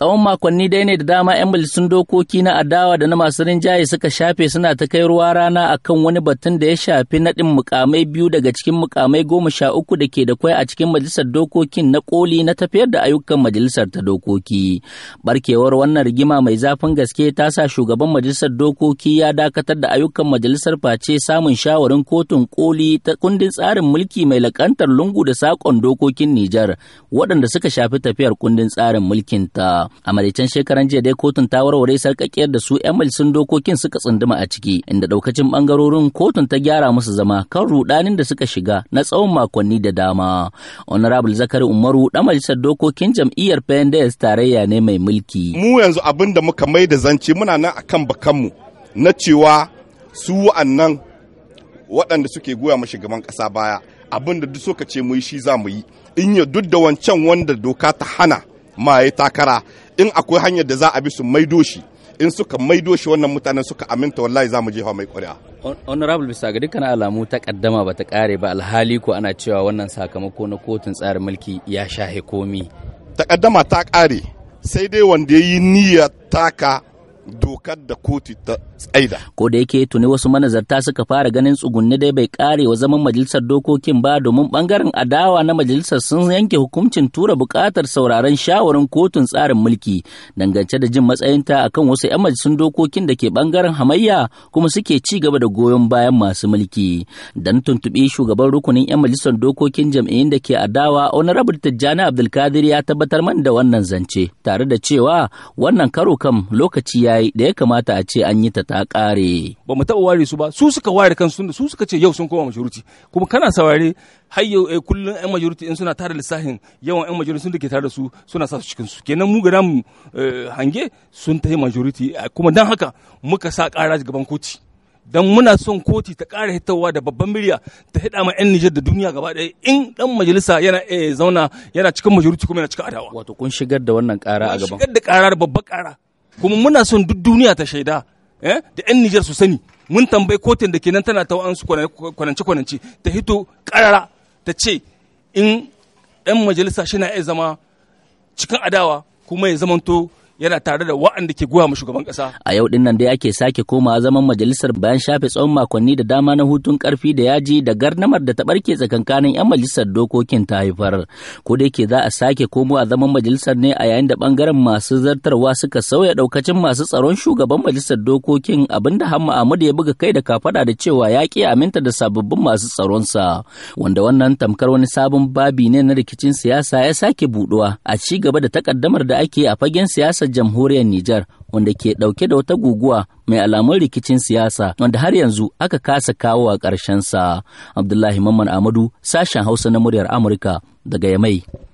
Tsawon makonni dai ne da dama 'yan majalisun dokoki na adawa da na masu rinjaye suka shafe suna ta kai ruwa rana akan wani batun da ya shafi naɗin mukamai biyu daga cikin mukamai goma sha uku da ke da kwai a cikin majalisar dokokin na koli na tafiyar da ayyukan majalisar ta dokoki. Barkewar wannan rigima mai zafin gaske ta sa shugaban majalisar dokoki ya dakatar da ayyukan majalisar face samun shawarin kotun koli ta kundin tsarin mulki mai lakantar lungu da sakon dokokin Nijar waɗanda suka shafi tafiyar kundin tsarin mulkin ta. a maraicen shekaran jiya dai kotun ta warware sarƙaƙiyar da su 'yan dokokin suka tsunduma a ciki inda ɗaukacin ɓangarorin kotun ta gyara musu zama kan rudanin da suka shiga na tsawon makonni da dama honorable zakari umaru ɗan majalisar dokokin jam'iyyar pnds tarayya ne mai mulki mu yanzu abin muka mai da zance muna nan akan bakanmu na cewa su wa'annan waɗanda suke goya mu shugaban ƙasa baya Abinda da duk suka ce mu yi shi za mu yi in ya duk da wancan wanda doka ta hana Maye takara in akwai hanyar da za a bi su maido shi in suka maido shi wannan mutanen suka aminta wallahi za mu jefa mai ƙuri'a. honorable bisa ga dukkan alamu ta kaddama ba ta kare ba alhali ko ana cewa wannan sakamako na kotun tsarin mulki ya shahe komi. Ta takaddama ta kare sai dai wanda ya yi niyya taka dokar da kotu ta tsaida. Ko da yake tuni wasu manazarta suka fara ganin tsugunni dai bai kare wa zaman majalisar dokokin ba domin bangaren adawa na majalisar sun yanke hukuncin tura bukatar sauraron shawarin kotun tsarin mulki dangance da jin matsayinta akan wasu 'yan majalisun dokokin da ke bangaren hamayya kuma suke ci gaba da goyon bayan masu mulki. Dan tuntuɓe shugaban rukunin 'yan majalisar dokokin jam'iyyun da ke adawa Honorable Tijjani Abdulkadir ya tabbatar man da wannan zance tare da cewa wannan karo kam lokaci ya yi da ya kamata a ce an yi ta ta kare. Ba mu taɓa ware su ba su suka ware kansu tunda su suka ce yau sun koma majority kuma kana saurare har yau eh, kullum yan majority in suna tare lissafin yawan yan majority sun da ke tare da su suna sa su cikin su kenan mu ga mu eh, hange sun ta yi majority kuma dan haka muka sa ƙara gaban koci. dan muna son koti ta ƙara hitawa da babban murya ta hida ma 'yan Nijar da duniya gaba ɗaya in ɗan majalisa yana eh, zauna yana cikin majority kuma yana cikin adawa. Wato kun shigar da wannan ƙara a gaban. Shigar da ƙara da babban ƙara. kuma muna son duk duniya ta shaida eh, da 'yan Nijar su sani mun tambayi kotun da ke nan tana ta wa'ansu kwanance-kwanance ta hito karara ta ce in 'yan majalisa shi na iya zama cikin adawa kuma ya zamanto yana tare da wa'anda ke mu shugaban kasa. A yau din nan dai ake sake koma zaman majalisar bayan shafe tsawon makonni da dama na hutun karfi da yaji da garnamar da ta barke tsakankanin 'yan majalisar dokokin ta haifar. Ko da yake za a sake komawa zaman majalisar ne a yayin da bangaren masu zartarwa suka sauya daukacin masu tsaron shugaban majalisar dokokin abinda Hamma Ahmad ya buga kai da kafada da cewa ya ki aminta da sababbin masu tsaronsa. Wanda wannan tamkar wani sabon babi ne na rikicin siyasa ya sake buɗuwa a ci gaba da takaddamar da ake a fagen siyasa jamhuriyar Nijar wanda ke ɗauke da wata guguwa mai alamun rikicin siyasa wanda har yanzu aka kasa kawo a sa Abdullahi Mamman Amadu sashen Hausa na muryar Amurka daga Yamai.